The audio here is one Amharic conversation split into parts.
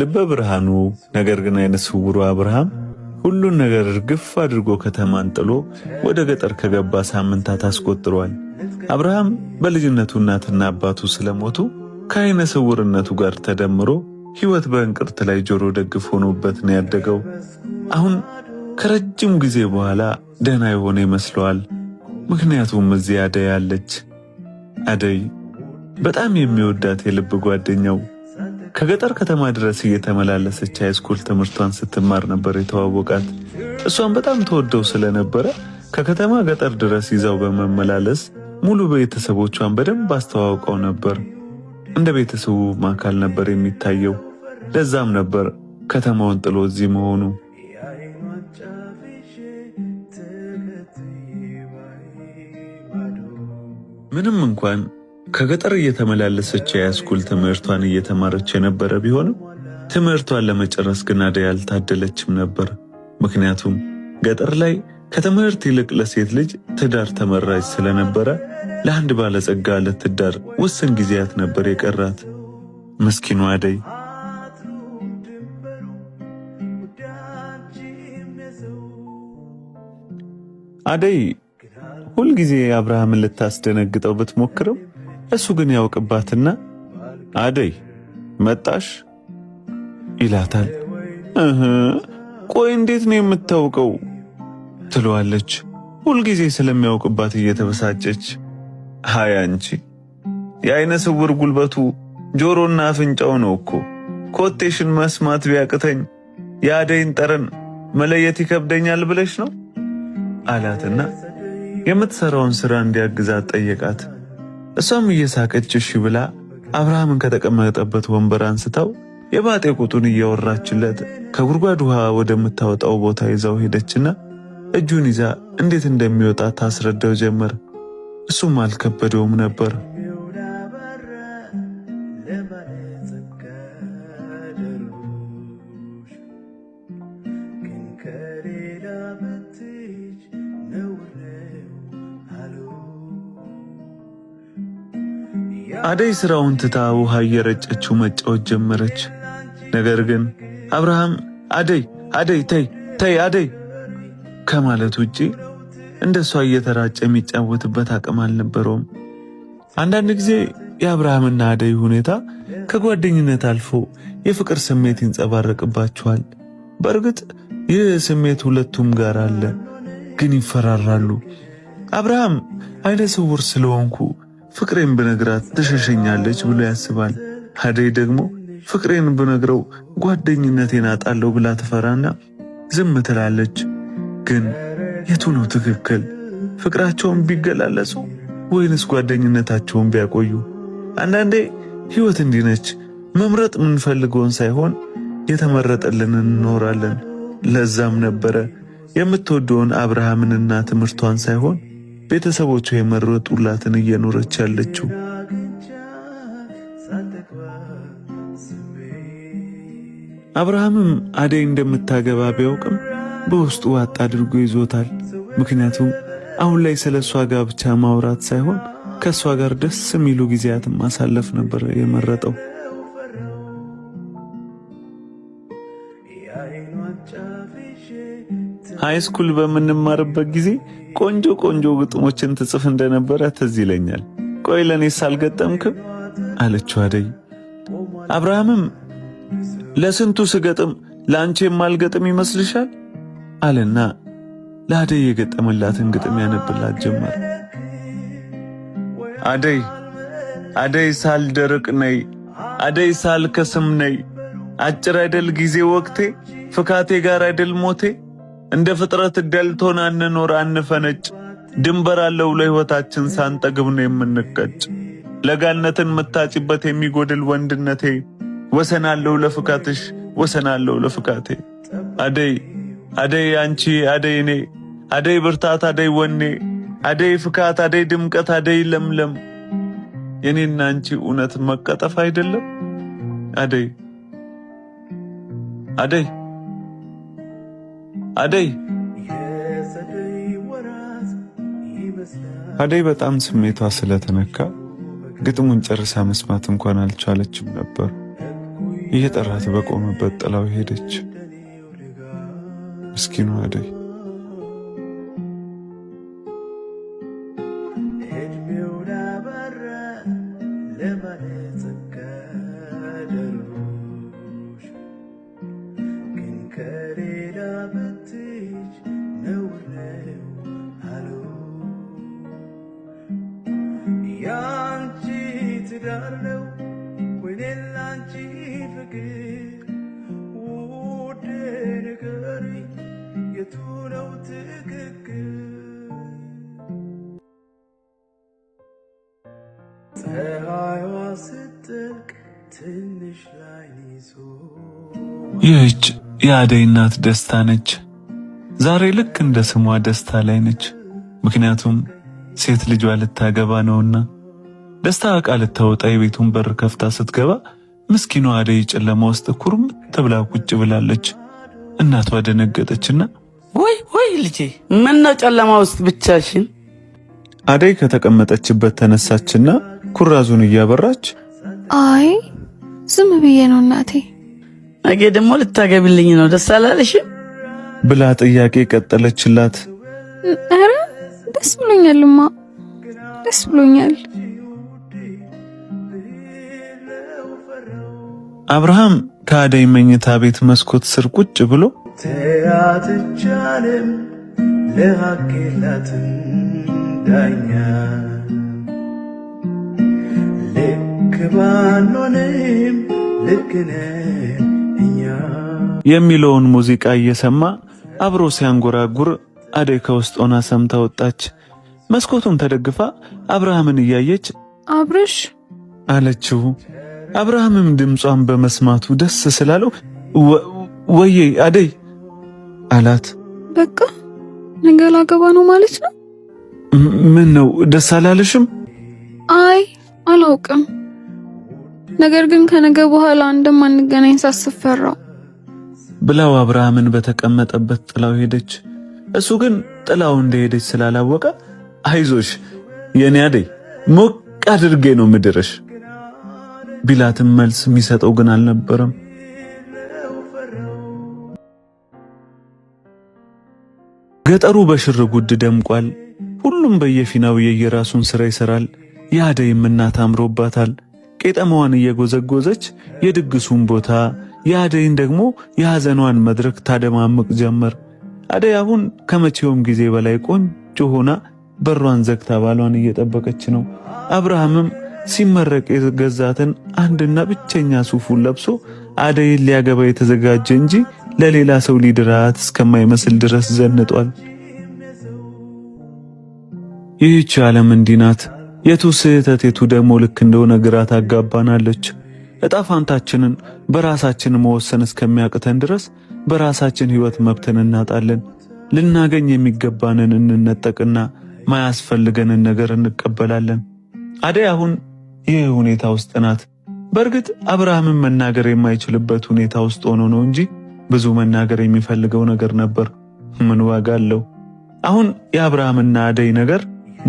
ልበ ብርሃኑ ነገር ግን አይነ ስውሩ አብርሃም ሁሉን ነገር እርግፍ አድርጎ ከተማን ጥሎ ወደ ገጠር ከገባ ሳምንታት አስቆጥሯል። አብርሃም በልጅነቱ እናትና አባቱ ስለሞቱ ከአይነ ስውርነቱ ጋር ተደምሮ ሕይወት በእንቅርት ላይ ጆሮ ደግፍ ሆኖበት ነው ያደገው። አሁን ከረጅም ጊዜ በኋላ ደህና የሆነ ይመስለዋል። ምክንያቱም እዚህ አደይ አለች። አደይ በጣም የሚወዳት የልብ ጓደኛው ከገጠር ከተማ ድረስ እየተመላለሰች ሃይስኩል ትምህርቷን ስትማር ነበር የተዋወቃት። እሷን በጣም ተወደው ስለነበረ ከከተማ ገጠር ድረስ ይዛው በመመላለስ ሙሉ ቤተሰቦቿን በደንብ አስተዋውቀው ነበር። እንደ ቤተሰቡ አካል ነበር የሚታየው። ለዛም ነበር ከተማውን ጥሎ እዚህ መሆኑ። ምንም እንኳን ከገጠር እየተመላለሰች የሃይስኩል ትምህርቷን እየተማረች የነበረ ቢሆንም ትምህርቷን ለመጨረስ ግን አደይ አልታደለችም ነበር። ምክንያቱም ገጠር ላይ ከትምህርት ይልቅ ለሴት ልጅ ትዳር ተመራጭ ስለነበረ ለአንድ ባለጸጋ ለትዳር ውስን ጊዜያት ነበር የቀራት። ምስኪኗ አደይ አደይ ሁልጊዜ አብርሃምን ልታስደነግጠው ብትሞክርም እሱ ግን ያውቅባትና አደይ መጣሽ ይላታል። እህ ቆይ እንዴት ነው የምታውቀው ትለዋለች። ሁልጊዜ ስለሚያውቅባት እየተበሳጨች ሀይ አንቺ የአይነ ስውር ጉልበቱ ጆሮና አፍንጫው ነው እኮ ኮቴሽን መስማት ቢያቅተኝ የአደይን ጠረን መለየት ይከብደኛል ብለሽ ነው አላትና የምትሰራውን ስራ እንዲያግዛት ጠየቃት። እሷም እየሳቀች እሺ ብላ አብርሃምን ከተቀመጠበት ወንበር አንስተው የባጤ ቁጡን እያወራችለት ከጉድጓድ ውሃ ወደምታወጣው ቦታ ይዛው ሄደችና እጁን ይዛ እንዴት እንደሚወጣ ታስረዳው ጀመር። እሱም አልከበደውም ነበር። አደይ ስራውን ትታ ውሃ እየረጨችው መጫወት ጀመረች። ነገር ግን አብርሃም አደይ አደይ ተይ ተይ አደይ ከማለት ውጪ እንደ እሷ እየተራጨ የሚጫወትበት አቅም አልነበረውም። አንዳንድ ጊዜ የአብርሃምና አደይ ሁኔታ ከጓደኝነት አልፎ የፍቅር ስሜት ይንጸባረቅባቸዋል። በእርግጥ ይህ ስሜት ሁለቱም ጋር አለ፣ ግን ይፈራራሉ። አብርሃም አይነ ስውር ስለሆንኩ ፍቅሬን ብነግራት ትሸሸኛለች ብሎ ያስባል። አደይ ደግሞ ፍቅሬን ብነግረው ጓደኝነቴን አጣለሁ ብላ ትፈራና ዝም ትላለች። ግን የቱ ነው ትክክል? ፍቅራቸውን ቢገላለጹ ወይንስ ጓደኝነታቸውን ቢያቆዩ? አንዳንዴ ሕይወት እንዲህ ነች። መምረጥ የምንፈልገውን ሳይሆን የተመረጠልን እንኖራለን። ለዛም ነበረ የምትወደውን አብርሃምንና ትምህርቷን ሳይሆን ቤተሰቦቿ የመረጡላትን እየኖረች ያለችው። አብርሃምም አደይ እንደምታገባ ቢያውቅም በውስጡ ዋጥ አድርጎ ይዞታል። ምክንያቱም አሁን ላይ ስለ እሷ ጋብቻ ማውራት ሳይሆን ከእሷ ጋር ደስ የሚሉ ጊዜያትን ማሳለፍ ነበር የመረጠው። ሃይስኩል በምንማርበት ጊዜ ቆንጆ ቆንጆ ግጥሞችን ትጽፍ እንደነበረ ትዝ ይለኛል። ቆይ ለእኔስ አልገጠምክም አለችው አደይ። አብርሃምም ለስንቱ ስገጥም ለአንቺ የማልገጥም ይመስልሻል አለና ለአደይ የገጠመላትን ግጥም ያነብላት ጀመር። አደይ አደይ ሳልደርቅ ነይ፣ አደይ ሳልከስም ነይ፣ አጭር አይደል ጊዜ ወቅቴ፣ ፍካቴ ጋር አይደል ሞቴ እንደ ፍጥረት ደልቶን አንኖር አንፈነጭ። ድንበር አለው ለሕይወታችን ሳንጠግብ ነው የምንቀጭ። ለጋልነትን ምታጭበት የሚጎድል ወንድነቴ ወሰናለው ለፍካትሽ ወሰናለው ለፍካቴ። አደይ አደይ አንቺ አደይ እኔ አደይ ብርታት አደይ ወኔ አደይ ፍካት አደይ ድምቀት አደይ ለምለም የኔና አንቺ እውነት መቀጠፍ አይደለም አደይ አደይ አደይ አደይ በጣም ስሜቷ ስለተነካ ግጥሙን ጨርሳ መስማት እንኳን አልቻለችም ነበር። እየጠራት በቆመበት ጥላው ሄደች። ምስኪኑ አደይ ውዴ ንገሪኝ የቱ ነው ትክክል? ፀሐይዋ ስትጠልቅ ትንሽ ላይ ይዞ ይህች የአደይ እናት ደስታ ነች። ዛሬ ልክ እንደ ስሟ ደስታ ላይ ነች። ምክንያቱም ሴት ልጇ ልታገባ ነውና ደስታ ዕቃ ልታወጣ የቤቱን በር ከፍታ ስትገባ ምስኪኗ አደይ ጨለማ ውስጥ ኩርም ተብላ ቁጭ ብላለች። እናቷ ደነገጠችና ወይ ወይ ልጄ ምን ነው ጨለማ ውስጥ ብቻሽን? አደይ ከተቀመጠችበት ተነሳችና ኩራዙን እያበራች አይ ዝም ብዬ ነው እናቴ። ነገ ደግሞ ልታገቢልኝ ነው ደስ አላለሽም? ብላ ጥያቄ ቀጠለችላት። ኧረ ደስ ብሎኛልማ ደስ ብሎኛል አብርሃም ከአደይ መኝታ ቤት መስኮት ስር ቁጭ ብሎ ተያትቻለም ለሀቄላትን ዳኛ ልክ ባንሆንም እኛ የሚለውን ሙዚቃ እየሰማ አብሮ ሲያንጎራጉር አደይ ከውስጥ ሆና ሰምታ ወጣች። መስኮቱን ተደግፋ አብርሃምን እያየች አብርሽ አለችው። አብርሃምም ድምጿን በመስማቱ ደስ ስላለው ወዬ አደይ አላት። በቃ ነገ ላገባ ነው ማለት ነው። ምን ነው ደስ አላለሽም? አይ አላውቅም። ነገር ግን ከነገ በኋላ እንደማንገናኝ ሳስፈራው ብላው አብርሃምን በተቀመጠበት ጥላው ሄደች። እሱ ግን ጥላው እንደሄደች ስላላወቀ አይዞሽ የኔ አደይ ሞቅ አድርጌ ነው ምድርሽ ቢላትም መልስ የሚሰጠው ግን አልነበረም። ገጠሩ በሽር ጉድ ደምቋል። ሁሉም በየፊናው የየራሱን ስራ ይሰራል። የአደይም እናት አምሮባታል። ቄጠማዋን እየጎዘጎዘች የድግሱን ቦታ የአደይን ደግሞ የሐዘኗን መድረክ ታደማምቅ ጀመር። አደይ አሁን ከመቼውም ጊዜ በላይ ቆንጆ ሆና በሯን ዘግታ ባሏን እየጠበቀች ነው። አብርሃምም ሲመረቅ የገዛትን አንድና ብቸኛ ሱፉን ለብሶ አደይን ሊያገባ የተዘጋጀ እንጂ ለሌላ ሰው ሊድራት እስከማይመስል ድረስ ዘንጧል። ይህች ዓለም እንዲናት ናት። የቱ ስህተት የቱ ደግሞ ልክ እንደሆነ ግራ ታጋባናለች። እጣፋንታችንን በራሳችን መወሰን እስከሚያቅተን ድረስ በራሳችን ሕይወት መብትን እናጣለን። ልናገኝ የሚገባንን እንነጠቅና ማያስፈልገንን ነገር እንቀበላለን። አደይ አሁን ይህ ሁኔታ ውስጥ ናት። በእርግጥ አብርሃምን መናገር የማይችልበት ሁኔታ ውስጥ ሆኖ ነው እንጂ ብዙ መናገር የሚፈልገው ነገር ነበር። ምን ዋጋ አለው? አሁን የአብርሃምና አደይ ነገር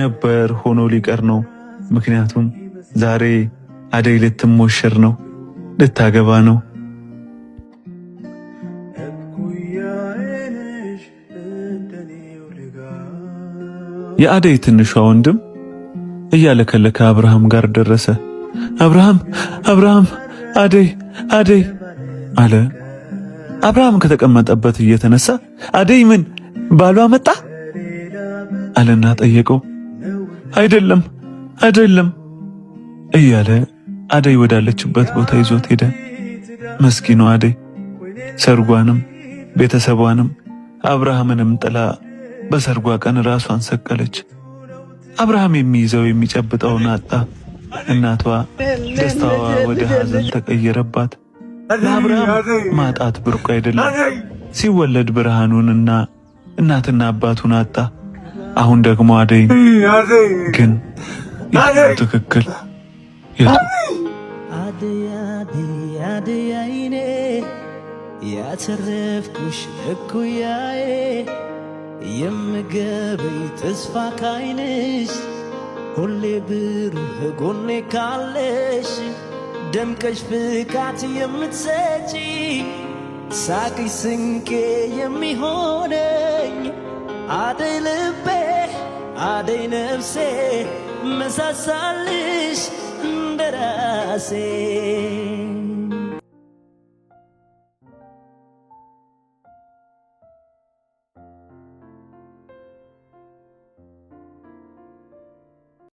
ነበር ሆኖ ሊቀር ነው። ምክንያቱም ዛሬ አደይ ልትሞሸር ነው፣ ልታገባ ነው። የአደይ ትንሿ ወንድም እያለከለከ አብርሃም ጋር ደረሰ። አብርሃም አብርሃም፣ አደይ አደይ አለ። አብርሃም ከተቀመጠበት እየተነሳ አደይ ምን ባሏ መጣ አለና ጠየቀው። አይደለም አይደለም እያለ አደይ ወዳለችበት ቦታ ይዞት ሄደ። መስኪኗ አደይ ሰርጓንም ቤተሰቧንም አብርሃምንም ጥላ በሰርጓ ቀን ራሷን ሰቀለች። አብርሃም የሚይዘው የሚጨብጠውን አጣ። እናቷ ደስታዋ ወደ ሐዘን ተቀየረባት። ለአብርሃም ማጣት ብርቁ አይደለም። ሲወለድ ብርሃኑንና እናትና አባቱን አጣ። አሁን ደግሞ አደይ ግን ትክክል የቱ ያተረፍኩሽ እኩያዬ የምገበይ ተስፋ ካይንሽ ሁሌ ብሩህ ጎኔ ካለሽ ደምቀሽ ፍካት የምትሰጪ ሳቅሽ ስንቄ የሚሆነኝ አደይ ልቤ አደይ ነፍሴ መሳሳልሽ እንደራሴ